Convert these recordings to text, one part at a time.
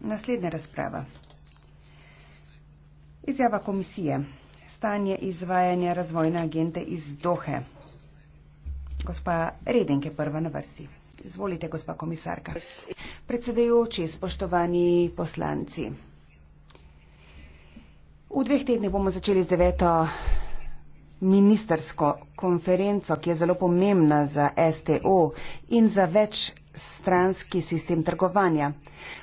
Naslednja razprava. Izjava komisije. Stanje izvajanja razvojne agente iz Dohe. Gospa Redenke je prva na vrsti. Izvolite, gospa komisarka. Predsedajoči, spoštovani poslanci. V dveh tednih bomo začeli z deveto ministersko konferenco, ki je zelo pomembna za STO in za več stranski sistem trgovanja.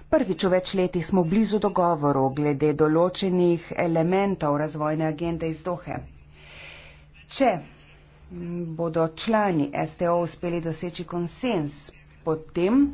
Prvič v več letih smo blizu dogovoru glede določenih elementov razvojne agende iz Dohe. Če bodo člani STO uspeli doseči konsens, potem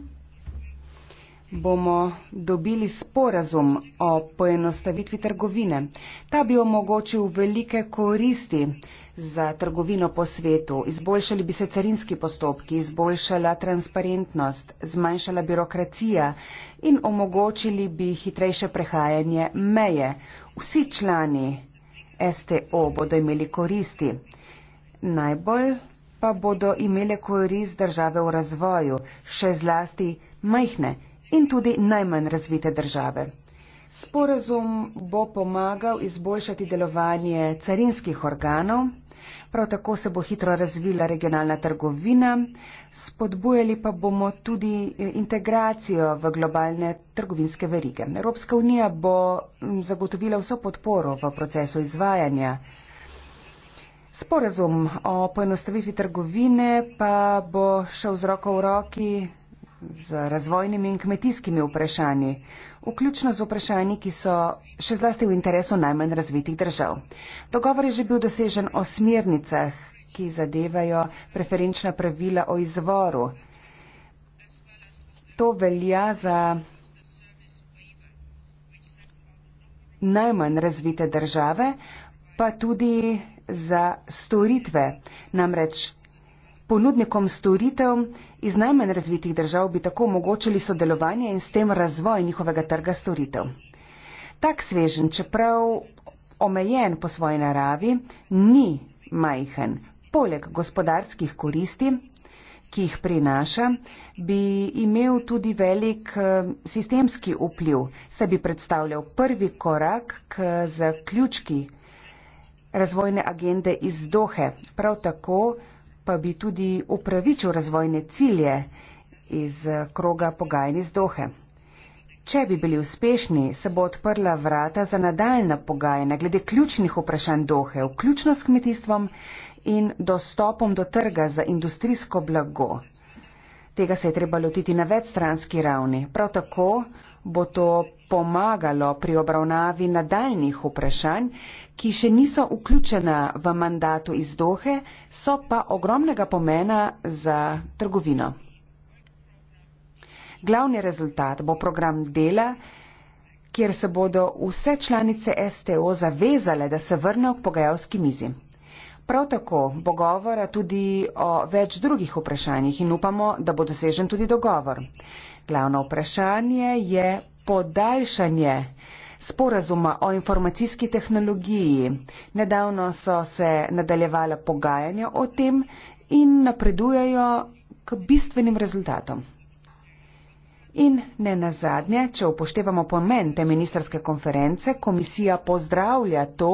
bomo dobili sporazum o poenostavitvi trgovine. Ta bi omogočil velike koristi za trgovino po svetu. Izboljšali bi se carinski postopki, izboljšala transparentnost, zmanjšala birokracija in omogočili bi hitrejše prehajanje meje. Vsi člani STO bodo imeli koristi. Najbolj pa bodo imele korist države v razvoju, še zlasti majhne in tudi najmanj razvite države. Sporazum bo pomagal izboljšati delovanje carinskih organov, prav tako se bo hitro razvila regionalna trgovina, spodbujali pa bomo tudi eh, integracijo v globalne trgovinske verige. Evropska unija bo zagotovila vso podporo v procesu izvajanja. Sporazum o poenostavitvi trgovine pa bo šel z roko v roki z razvojnimi in kmetijskimi vprašanji, vključno z vprašanji, ki so še zlasti v interesu najmanj razvitih držav. Dogovor je že bil dosežen o smernicah, ki zadevajo preferenčna pravila o izvoru. To velja za najmanj razvite države, pa tudi za storitve. Namreč Ponudnikom storitev iz najmanj razvitih držav bi tako omogočili sodelovanje in s tem razvoj njihovega trga storitev. Tak svežen, čeprav omejen po svoji naravi, ni majhen. Poleg gospodarskih koristi, ki jih prinaša, bi imel tudi velik eh, sistemski vpliv, saj bi predstavljal prvi korak k zaključki razvojne agende iz Dohe. Prav tako pa bi tudi upravičil razvojne cilje iz kroga pogajanj iz Dohe. Če bi bili uspešni, se bo odprla vrata za nadaljna pogajanja glede ključnih vprašanj Dohe, vključno s kmetijstvom in dostopom do trga za industrijsko blago. Tega se je treba lotiti na večstranski ravni. Prav tako bo to pomagalo pri obravnavi nadaljnih vprašanj, ki še niso vključena v mandato iz Dohe, so pa ogromnega pomena za trgovino. Glavni rezultat bo program dela, kjer se bodo vse članice STO zavezale, da se vrnejo k pogajalski mizi. Prav tako bo govora tudi o več drugih vprašanjih in upamo, da bo dosežen tudi dogovor. Glavno vprašanje je podaljšanje sporazuma o informacijski tehnologiji. Nedavno so se nadaljevala pogajanja o tem in napredujejo k bistvenim rezultatom. In ne nazadnje, če upoštevamo pomen te ministerske konference, komisija pozdravlja to,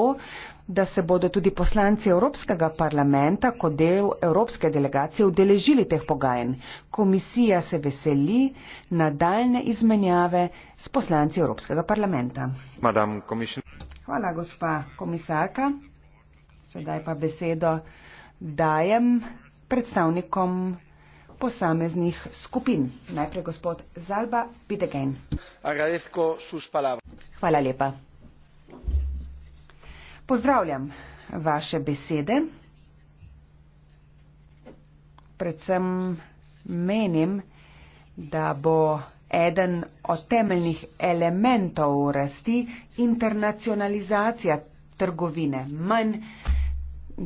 da se bodo tudi poslanci Evropskega parlamenta kot del Evropske delegacije udeležili teh pogajanj. Komisija se veseli nadaljne izmenjave s poslanci Evropskega parlamenta. Hvala, gospa komisarka. Sedaj pa besedo dajem predstavnikom posameznih skupin. Najprej gospod Zalba Pidegen. Hvala lepa. Pozdravljam vaše besede. Predvsem menim, da bo eden od temeljnih elementov rasti internacionalizacija trgovine, manj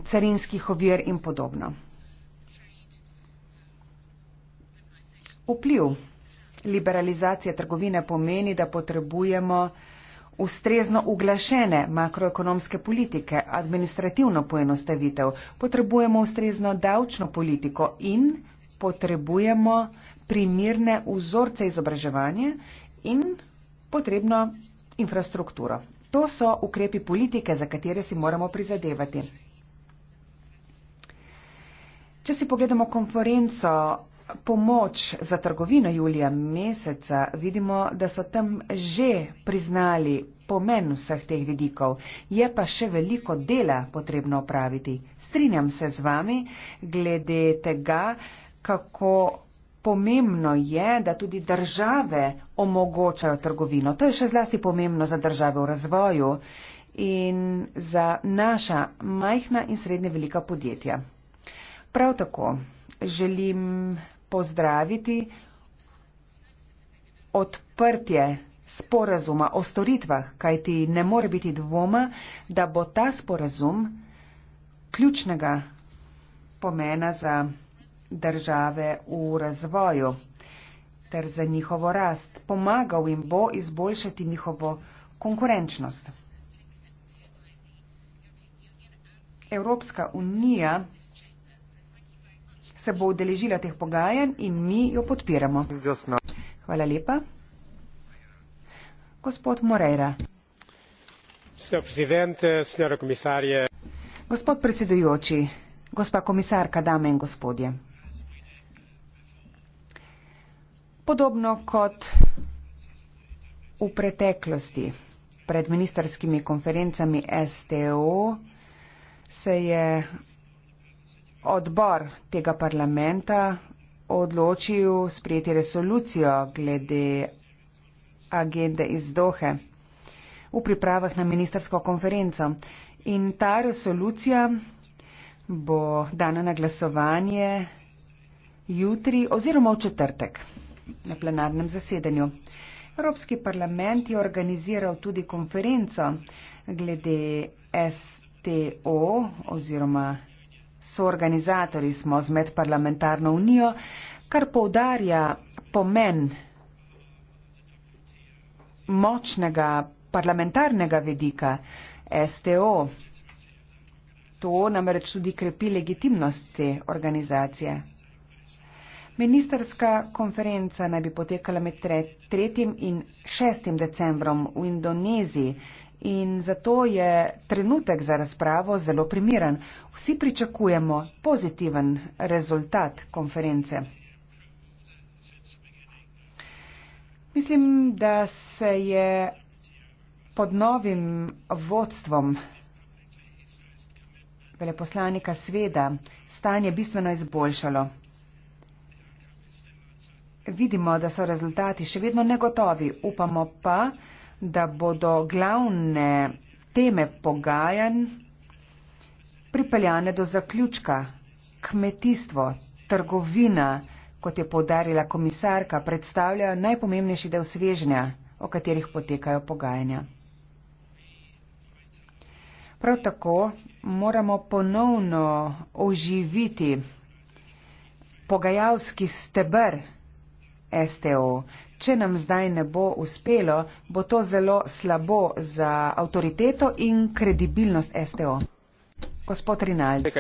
carinskih ovir in podobno. vpliv. Liberalizacija trgovine pomeni, da potrebujemo ustrezno uglašene makroekonomske politike, administrativno poenostavitev, potrebujemo ustrezno davčno politiko in potrebujemo primirne vzorce izobraževanja in potrebno infrastrukturo. To so ukrepi politike, za katere si moramo prizadevati. Če si pogledamo konferenco pomoč za trgovino julija meseca vidimo, da so tam že priznali pomen vseh teh vidikov. Je pa še veliko dela potrebno opraviti. Strinjam se z vami glede tega, kako pomembno je, da tudi države omogočajo trgovino. To je še zlasti pomembno za države v razvoju in za naša majhna in srednje velika podjetja. Prav tako želim pozdraviti odprtje sporazuma o storitvah, kajti ne more biti dvoma, da bo ta sporazum ključnega pomena za države v razvoju ter za njihovo rast. Pomagal jim bo izboljšati njihovo konkurenčnost. Evropska unija se bo udeležila teh pogajanj in mi jo podpiramo. Hvala lepa. Gospod Moreira. Gospod predsedujoči, gospa komisarka, dame in gospodje. Podobno kot v preteklosti pred ministerskimi konferencami STO se je odbor tega parlamenta odločil sprejeti resolucijo glede agende iz Dohe v pripravah na ministersko konferenco. In ta resolucija bo dana na glasovanje jutri oziroma v četrtek na plenarnem zasedanju. Evropski parlament je organiziral tudi konferenco glede STO oziroma soorganizatorji smo z Medparlamentarno unijo, kar povdarja pomen močnega parlamentarnega vidika STO. To namreč tudi krepi legitimnost te organizacije. Ministrska konferenca naj bi potekala med 3. in 6. decembrom v Indoneziji in zato je trenutek za razpravo zelo primiran. Vsi pričakujemo pozitiven rezultat konference. Mislim, da se je pod novim vodstvom veleposlanika sveda stanje bistveno izboljšalo. Vidimo, da so rezultati še vedno negotovi, upamo pa, da bodo glavne teme pogajanj pripeljane do zaključka kmetijstvo, trgovina, kot je povdarila komisarka, predstavljajo najpomembnejši del svežnja, o katerih potekajo pogajanja. Prav tako moramo ponovno oživiti pogajalski stebr, STO. Če nam zdaj ne bo uspelo, bo to zelo slabo za avtoriteto in kredibilnost STO. Gospod Rinaldi.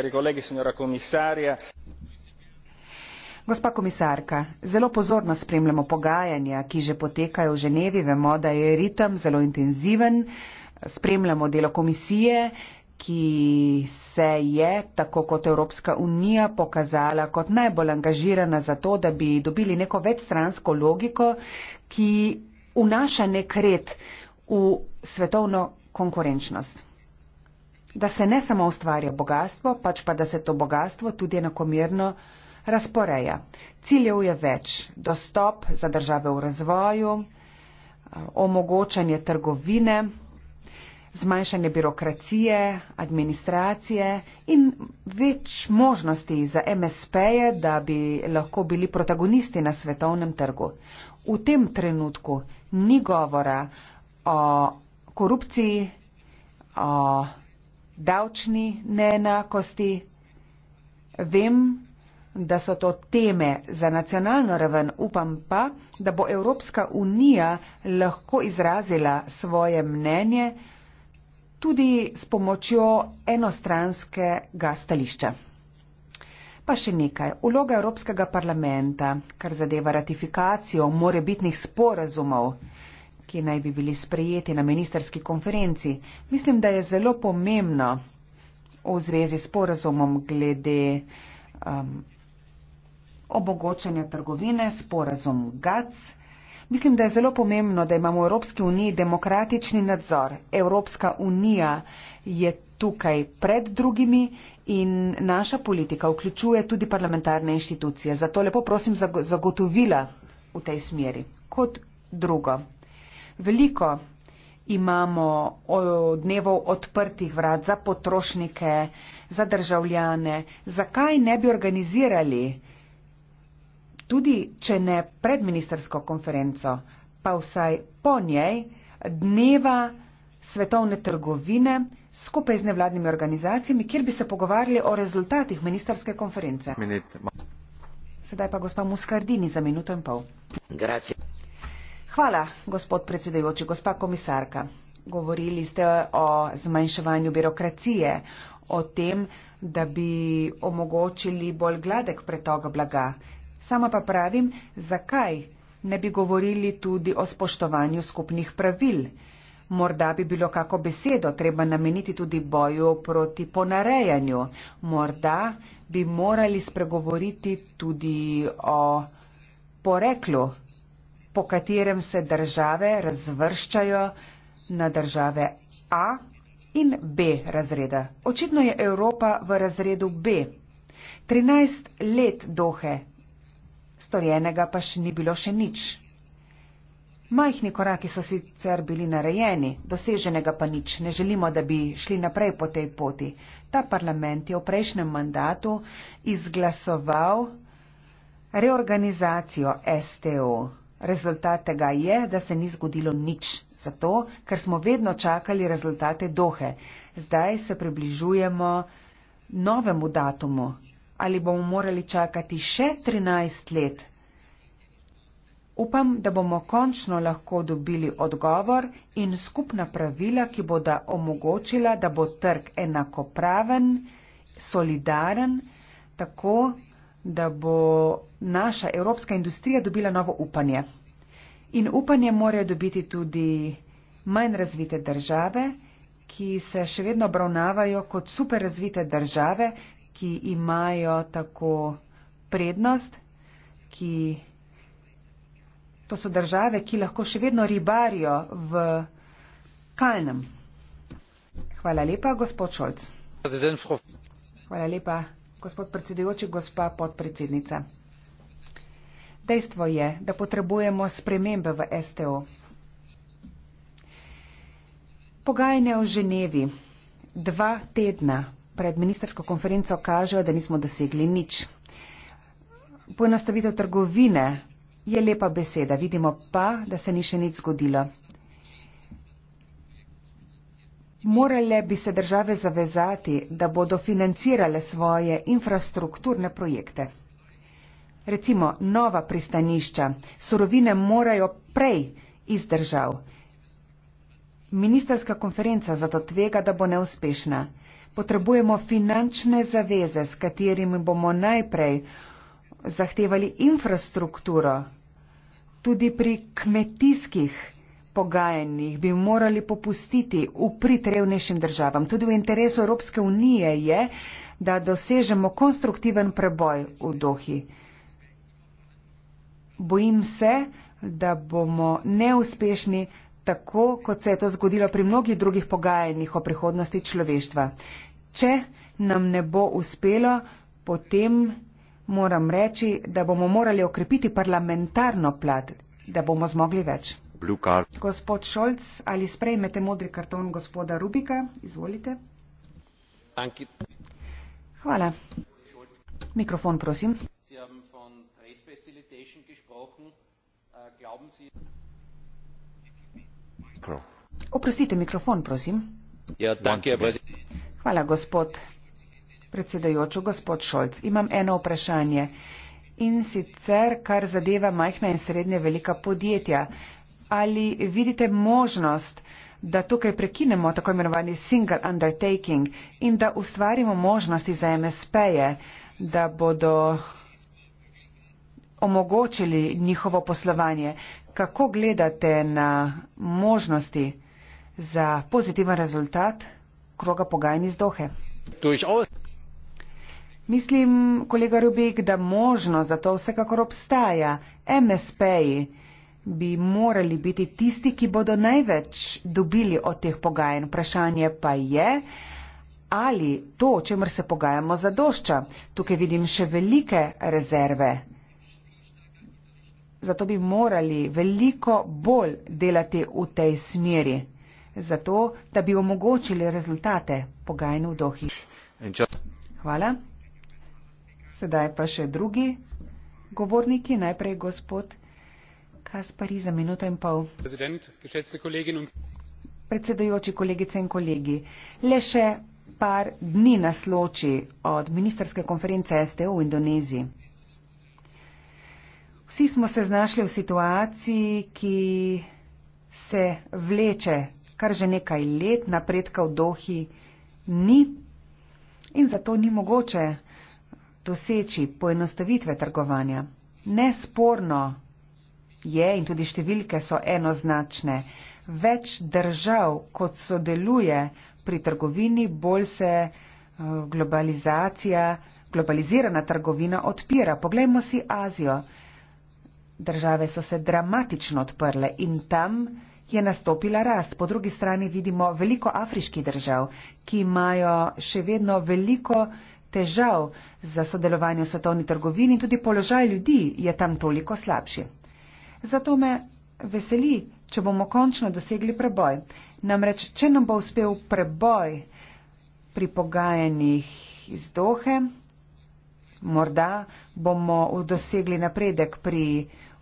Gospa komisarka, zelo pozorno spremljamo pogajanja, ki že potekajo v Ženevi. Vemo, da je ritem zelo intenziven. Spremljamo delo komisije ki se je, tako kot Evropska unija, pokazala kot najbolj angažirana za to, da bi dobili neko večstransko logiko, ki vnaša nek red v svetovno konkurenčnost. Da se ne samo ustvarja bogatstvo, pač pa da se to bogatstvo tudi enakomerno razporeja. Ciljev je več. Dostop za države v razvoju, omogočanje trgovine, zmanjšanje birokracije, administracije in več možnosti za MSP-je, da bi lahko bili protagonisti na svetovnem trgu. V tem trenutku ni govora o korupciji, o davčni neenakosti. Vem, da so to teme za nacionalno raven, upam pa, da bo Evropska unija lahko izrazila svoje mnenje, tudi s pomočjo enostranskega stališča. Pa še nekaj. Uloga Evropskega parlamenta, kar zadeva ratifikacijo morebitnih sporazumov, ki naj bi bili sprejeti na ministerski konferenci, mislim, da je zelo pomembno v zvezi s sporazumom glede um, omogočanja trgovine, sporazum GATS. Mislim, da je zelo pomembno, da imamo v Evropski uniji demokratični nadzor. Evropska unija je tukaj pred drugimi in naša politika vključuje tudi parlamentarne inštitucije. Zato lepo prosim zagotovila v tej smeri. Kot drugo, veliko imamo dnevov odprtih vrat za potrošnike, za državljane. Zakaj ne bi organizirali? tudi če ne pred ministersko konferenco, pa vsaj po njej, dneva svetovne trgovine skupaj z nevladnimi organizacijami, kjer bi se pogovarjali o rezultatih ministerske konference. Sedaj pa gospa Muskardini za minuto in pol. Grazie. Hvala, gospod predsedujoči, gospa komisarka. Govorili ste o zmanjševanju birokracije, o tem, da bi omogočili bolj gladek pretok blaga, Sama pa pravim, zakaj ne bi govorili tudi o spoštovanju skupnih pravil. Morda bi bilo kako besedo treba nameniti tudi boju proti ponarejanju. Morda bi morali spregovoriti tudi o poreklu, po katerem se države razvrščajo na države A in B razreda. Očitno je Evropa v razredu B. 13 let dohe storjenega pa še ni bilo še nič. Majhni koraki so sicer bili narejeni, doseženega pa nič, ne želimo, da bi šli naprej po tej poti. Ta parlament je v prejšnjem mandatu izglasoval reorganizacijo STO. Rezultat tega je, da se ni zgodilo nič, zato ker smo vedno čakali rezultate dohe. Zdaj se približujemo novemu datumu, ali bomo morali čakati še 13 let. Upam, da bomo končno lahko dobili odgovor in skupna pravila, ki bodo omogočila, da bo trg enakopraven, solidaren, tako da bo naša evropska industrija dobila novo upanje. In upanje morajo dobiti tudi manj razvite države, ki se še vedno obravnavajo kot super razvite države, ki imajo tako prednost, ki to so države, ki lahko še vedno ribarijo v kalnem. Hvala lepa, gospod Šolc. Hvala lepa, gospod predsedujoči, gospa podpredsednica. Dejstvo je, da potrebujemo spremembe v STO. Pogajanja v Ženevi dva tedna pred ministersko konferenco kažejo, da nismo dosegli nič. Poenostavitev trgovine je lepa beseda, vidimo pa, da se ni še nič zgodilo. Morale bi se države zavezati, da bodo financirale svoje infrastrukturne projekte. Recimo nova pristanišča, surovine morajo prej iz držav. Ministerska konferenca zato tvega, da bo neuspešna potrebujemo finančne zaveze, s katerimi bomo najprej zahtevali infrastrukturo. Tudi pri kmetijskih pogajanjih bi morali popustiti v pritrevnejšim državam. Tudi v interesu Evropske unije je, da dosežemo konstruktiven preboj v dohi. Bojim se, da bomo neuspešni tako kot se je to zgodilo pri mnogih drugih pogajanjih o prihodnosti človeštva. Če nam ne bo uspelo, potem moram reči, da bomo morali okrepiti parlamentarno plat, da bomo zmogli več. Gospod Šolc, ali sprejmete modri karton gospoda Rubika? Izvolite. Hvala. Mikrofon, prosim. Oprostite, mikrofon, prosim. Ja, Hvala, gospod predsedajoč, gospod Šolc. Imam eno vprašanje in sicer, kar zadeva majhna in srednje velika podjetja. Ali vidite možnost, da tukaj prekinemo tako imenovani single undertaking in da ustvarimo možnosti za MSP-je, da bodo omogočili njihovo poslovanje kako gledate na možnosti za pozitiven rezultat kroga pogajanj iz Dohe? Mislim, kolega Rubik, da možno za to vsekakor obstaja. MSP-ji bi morali biti tisti, ki bodo največ dobili od teh pogajanj. Vprašanje pa je, ali to, o čemer se pogajamo, zadošča. Tukaj vidim še velike rezerve, zato bi morali veliko bolj delati v tej smeri, zato da bi omogočili rezultate pogajanj v Dohi. Hvala. Sedaj pa še drugi govorniki, najprej gospod Kaspari za minuto in pol. Predsedujoči kolegice in kolegi, le še par dni nasloči od ministerske konference STO v Indoneziji. Vsi smo se znašli v situaciji, ki se vleče kar že nekaj let, napredka v dohi ni in zato ni mogoče doseči poenostavitve trgovanja. Nesporno je in tudi številke so enoznačne. Več držav, kot sodeluje pri trgovini, bolj se eh, globalizacija, globalizirana trgovina odpira. Poglejmo si Azijo države so se dramatično odprle in tam je nastopila rast. Po drugi strani vidimo veliko afriških držav, ki imajo še vedno veliko težav za sodelovanje v svetovni trgovini in tudi položaj ljudi je tam toliko slabši. Zato me veseli, če bomo končno dosegli preboj. Namreč, če nam bo uspel preboj pri pogajanjih iz Dohe, morda bomo dosegli napredek pri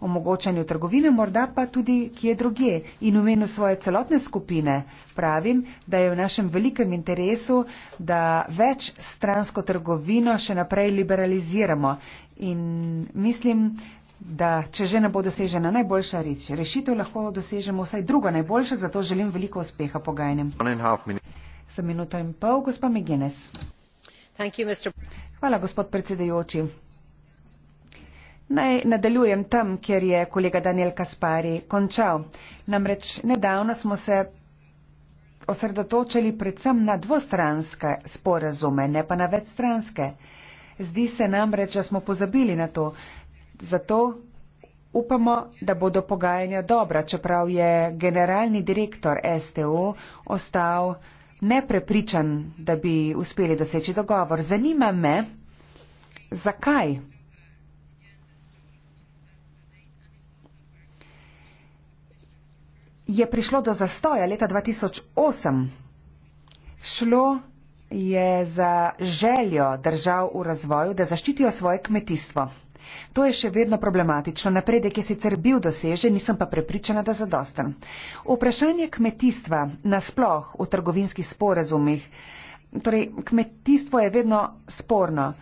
omogočanju trgovine, morda pa tudi kje drugje. In v imenu svoje celotne skupine pravim, da je v našem velikem interesu, da več stransko trgovino še naprej liberaliziramo. In mislim, da če že ne bo dosežena najboljša reč, rešitev lahko dosežemo vsaj druga najboljša, zato želim veliko uspeha pogajanjem. Za minuto in pol, gospod Megines. Hvala, gospod predsedajoči. Naj nadaljujem tam, kjer je kolega Daniel Kaspari končal. Namreč nedavno smo se osredotočili predvsem na dvostranske sporazume, ne pa na večstranske. Zdi se namreč, da smo pozabili na to. Zato upamo, da bodo pogajanja dobra, čeprav je generalni direktor STO ostal neprepričan, da bi uspeli doseči dogovor. Zanima me, zakaj je prišlo do zastoja leta 2008. Šlo je za željo držav v razvoju, da zaščitijo svoje kmetijstvo. To je še vedno problematično. Napredek je sicer bil dosežen, nisem pa prepričana, da zadosten. Vprašanje kmetijstva nasploh v trgovinskih sporazumih. Torej, kmetijstvo je vedno sporno.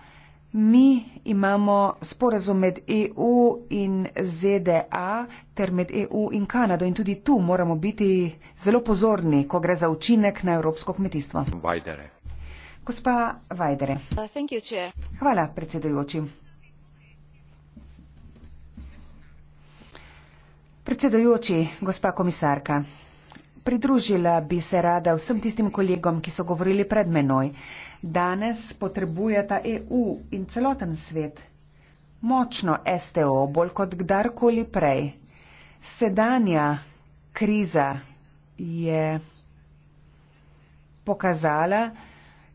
Mi imamo sporazum med EU in ZDA ter med EU in Kanado in tudi tu moramo biti zelo pozorni, ko gre za učinek na evropsko kmetijstvo. Vajdere. Gospa Vajdere. Uh, Hvala, predsedujoči. Predsedujoči, gospa komisarka. Pridružila bi se rada vsem tistim kolegom, ki so govorili pred menoj. Danes potrebujeta EU in celoten svet. Močno STO, bolj kot kdarkoli prej. Sedanja kriza je pokazala,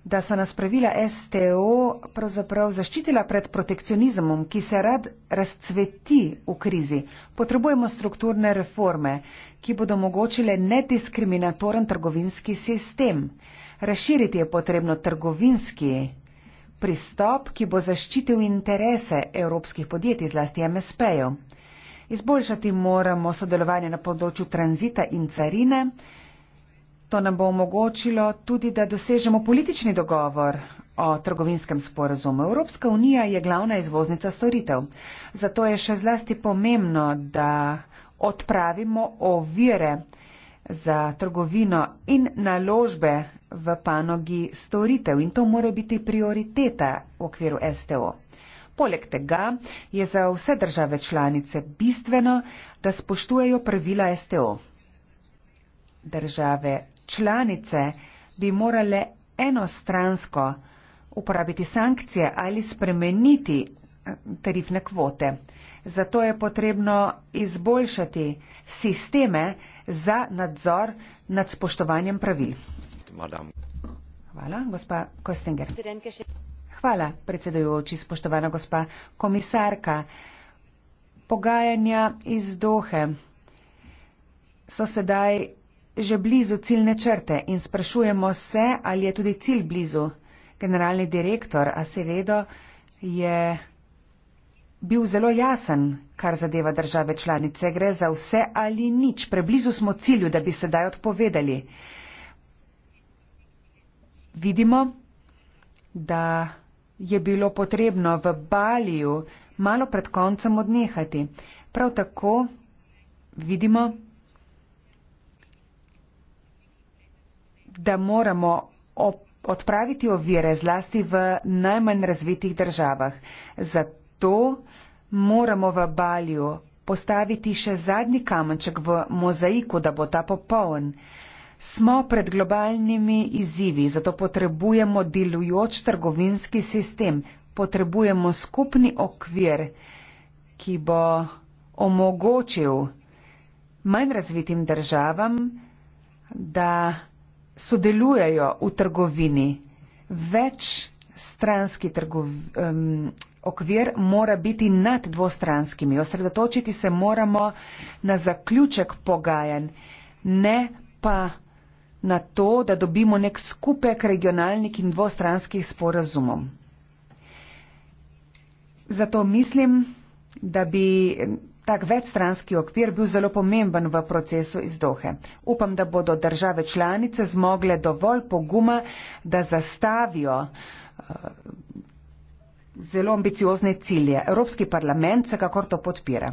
da so nas pravila STO pravzaprav zaščitila pred protekcionizmom, ki se rad razcveti v krizi. Potrebujemo strukturne reforme, ki bodo omogočile nediskriminatoren trgovinski sistem. Razširiti je potrebno trgovinski pristop, ki bo zaščitil interese evropskih podjetij, zlasti MSP-jev. Izboljšati moramo sodelovanje na področju tranzita in carine. To nam bo omogočilo tudi, da dosežemo politični dogovor o trgovinskem sporazumu. Evropska unija je glavna izvoznica storitev. Zato je še zlasti pomembno, da odpravimo ovire za trgovino in naložbe v panogi storitev in to mora biti prioriteta v okviru STO. Poleg tega je za vse države članice bistveno, da spoštujejo pravila STO. Države članice bi morale enostransko uporabiti sankcije ali spremeniti eh, tarifne kvote. Zato je potrebno izboljšati sisteme za nadzor nad spoštovanjem pravil madam. Hvala, gospa Kostinger. Hvala, predsedujoči, spoštovana gospa komisarka. Pogajanja iz Dohe so sedaj že blizu ciljne črte in sprašujemo se, ali je tudi cilj blizu. Generalni direktor, a seveda, je bil zelo jasen, kar zadeva države članice. Gre za vse ali nič. Preblizu smo cilju, da bi sedaj odpovedali vidimo, da je bilo potrebno v Baliju malo pred koncem odnehati. Prav tako vidimo, da moramo odpraviti ovire zlasti v najmanj razvitih državah. Zato moramo v Baliju postaviti še zadnji kamenček v mozaiku, da bo ta popoln smo pred globalnimi izzivi, zato potrebujemo delujoč trgovinski sistem, potrebujemo skupni okvir, ki bo omogočil manj razvitim državam, da sodelujejo v trgovini. Večstranski trgov, um, okvir mora biti nad dvostranskimi. Osredotočiti se moramo na zaključek pogajanj, ne pa na to, da dobimo nek skupek regionalnih in dvostranskih sporazumov. Zato mislim, da bi tak večstranski okvir bil zelo pomemben v procesu izdohe. Upam, da bodo države članice zmogle dovolj poguma, da zastavijo uh, zelo ambiciozne cilje. Evropski parlament se kakor to podpira.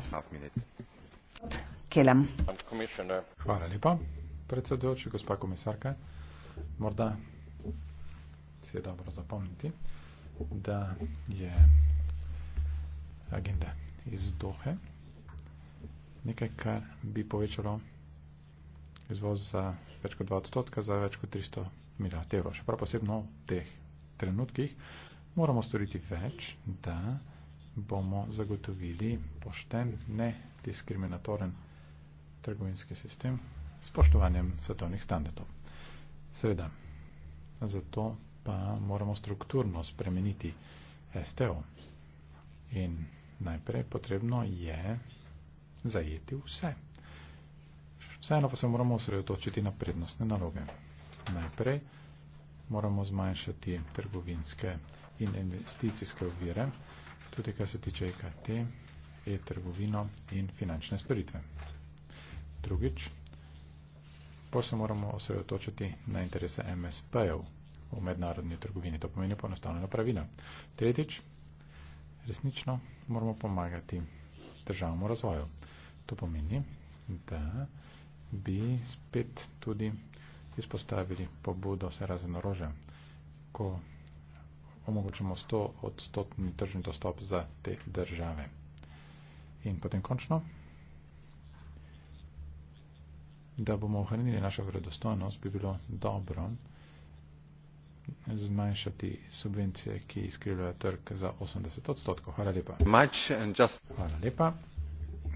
Kelem. Hvala lepa predsedujoči, gospa komisarka, morda si je dobro zapomniti, da je agenda iz Dohe nekaj, kar bi povečalo izvoz za več kot 2 odstotka, za več kot 300 milijard evrov. Še prav posebno v teh trenutkih moramo storiti več, da bomo zagotovili pošten, ne diskriminatoren trgovinski sistem, spoštovanjem svetovnih standardov. Seveda, zato pa moramo strukturno spremeniti STO. In najprej potrebno je zajeti vse. Vseeno pa se moramo osredotočiti na prednostne naloge. Najprej moramo zmanjšati trgovinske in investicijske ovire, tudi kar se tiče IKT, e e-trgovino in finančne storitve. Drugič, bolj se moramo osredotočiti na interese MSP-jev v mednarodni trgovini. To pomeni ponostavljena pravila. Tretjič, resnično moramo pomagati državnemu razvoju. To pomeni, da bi spet tudi izpostavili pobudo vse razen orožja, ko omogočamo 100 odstotni tržni dostop za te države. In potem končno, da bomo ohranili našo vredostojnost, bi bilo dobro zmanjšati subvencije, ki izkrivljajo trg za 80 odstotkov. Hvala lepa. Hvala lepa.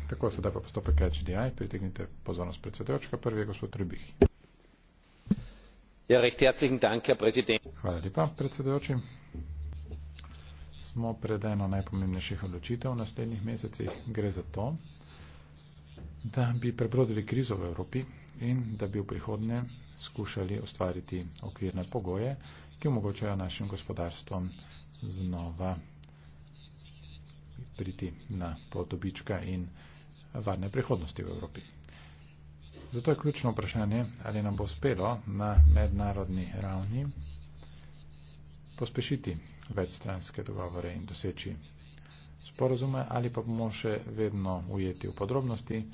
Tako sedaj pa postopek HDI. Pritegnite pozornost predsedojočka. Prvi je gospod Rebih. Ja, recht herzlichen Dank, Herr Präsident. Hvala lepa, predsedojoči. Smo pred eno najpomembnejših odločitev v naslednjih mesecih. Gre za to, da bi prebrodili krizo v Evropi in da bi v prihodnje skušali ustvariti okvirne pogoje, ki omogočajo našim gospodarstvom znova priti na podobička in varne prihodnosti v Evropi. Zato je ključno vprašanje, ali nam bo uspelo na mednarodni ravni pospešiti večstranske dogovore in doseči sporozume, ali pa bomo še vedno ujeti v podrobnosti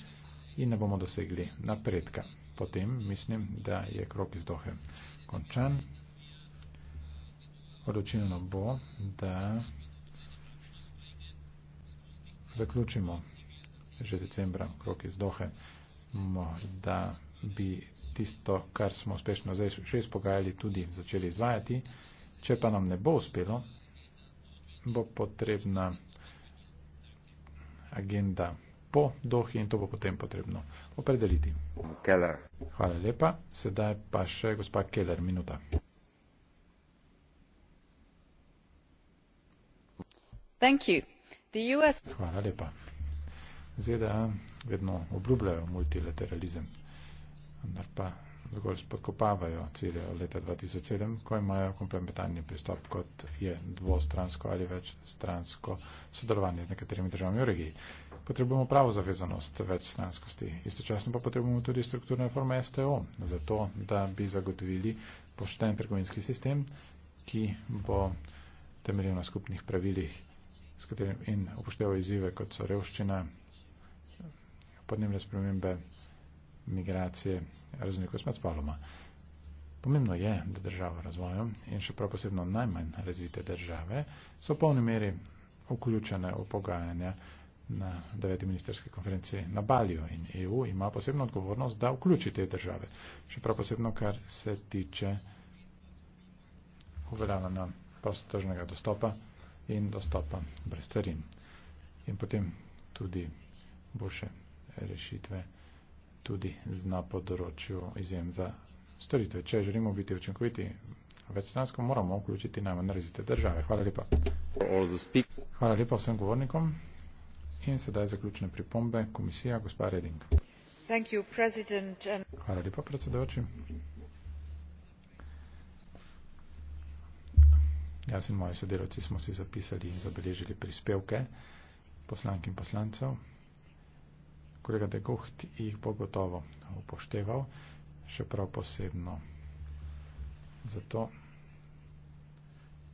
in ne bomo dosegli napredka. Potem mislim, da je krok iz dohe končan. Odločeno bo, da zaključimo že decembra krok iz dohe. Morda bi tisto, kar smo uspešno zdaj še izpogajali, tudi začeli izvajati. Če pa nam ne bo uspelo, bo potrebna agenda po Dohi in to bo potem potrebno opredeliti. Keller. Hvala lepa. Sedaj pa še gospa Keller, minuta. Thank you. The US... Hvala lepa. ZDA e vedno obljubljajo multilateralizem. Ampak pa zgolj spodkopavajo cilje leta 2007, ko imajo komplementarni pristop kot je dvostransko ali večstransko sodelovanje z nekaterimi državami v regiji. Potrebujemo pravo zavezanost večstranskosti, istočasno pa potrebujemo tudi strukturne reforme STO, zato da bi zagotovili pošten trgovinski sistem, ki bo temeljil na skupnih pravilih in upošteval izzive, kot so revščina, podnebne spremembe, migracije razvojni kosmet sploma. Pomembno je, da država razvojem in še prav posebno najmanj razvite države so v polni meri vključene v pogajanja na 9. ministerski konferenci na Balijo in EU ima posebno odgovornost, da vključi te države. Še prav posebno, kar se tiče uveljavljanja prostotržnega dostopa in dostopa brez starin. In potem tudi boljše rešitve tudi na področju izjem za storitve. Če želimo biti učinkoviti večstransko, moramo vključiti najmanj razvite države. Hvala lepa. Hvala lepa vsem govornikom. In sedaj zaključne pripombe komisija, gospa Reding. Hvala lepa, predsedujoči. Jaz in moji sodelavci smo si zapisali in zabeležili prispevke poslank in poslancev. Kolega de Gucht jih bo gotovo upošteval, še prav posebno zato,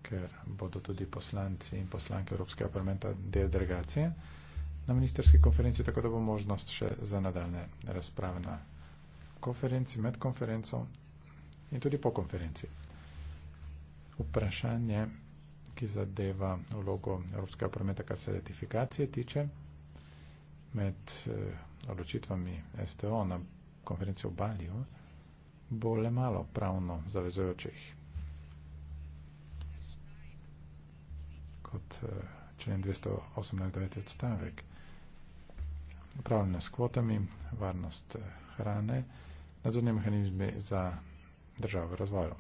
ker bodo tudi poslanci in poslanke Evropskega parlamenta del delegacije na ministerski konferenci, tako da bo možnost še za nadaljne razprave na konferenci, med konferenco in tudi po konferenci. Vprašanje, ki zadeva vlogo Evropskega parlamenta, kar se ratifikacije tiče, med eh, odločitvami STO na konferenci v Baliju bo le malo pravno zavezujočih. Kot eh, člen 218.9. odstavek, upravljanje s kvotami, varnost eh, hrane, nadzorni mehanizmi za državo razvojo.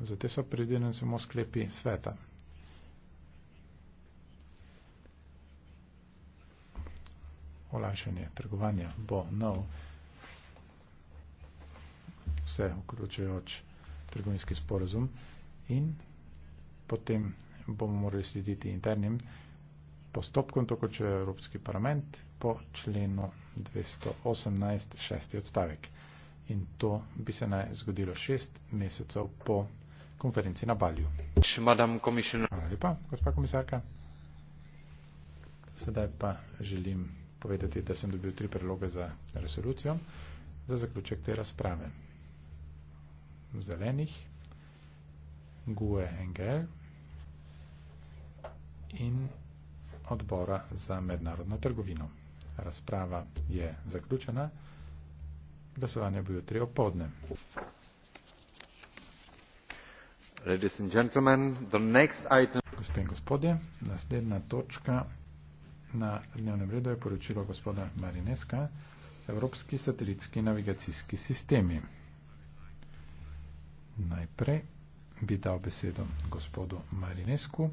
Za te so predvideni samo sklepi sveta, olajšanje trgovanja bo nov vse vključujoč trgovinski sporazum in potem bomo morali slediti internim postopkom, tako če je Evropski parlament po členu 218 šesti odstavek. In to bi se naj zgodilo šest mesecev po konferenci na Balju. Hvala lepa, gospa komisarka. Sedaj pa želim povedati, da sem dobil tri predloge za resolucijo za zaključek te razprave. Zelenih, GUE NGL in odbora za mednarodno trgovino. Razprava je zaključena, glasovanje bo jutri opoldne. Ladies and gentlemen, the next item... Gospe in gospodje, naslednja točka na dnevnem redu je poročilo gospoda Marineska, Evropski satelitski navigacijski sistemi. Najprej bi dal besedo gospodu Marinesku.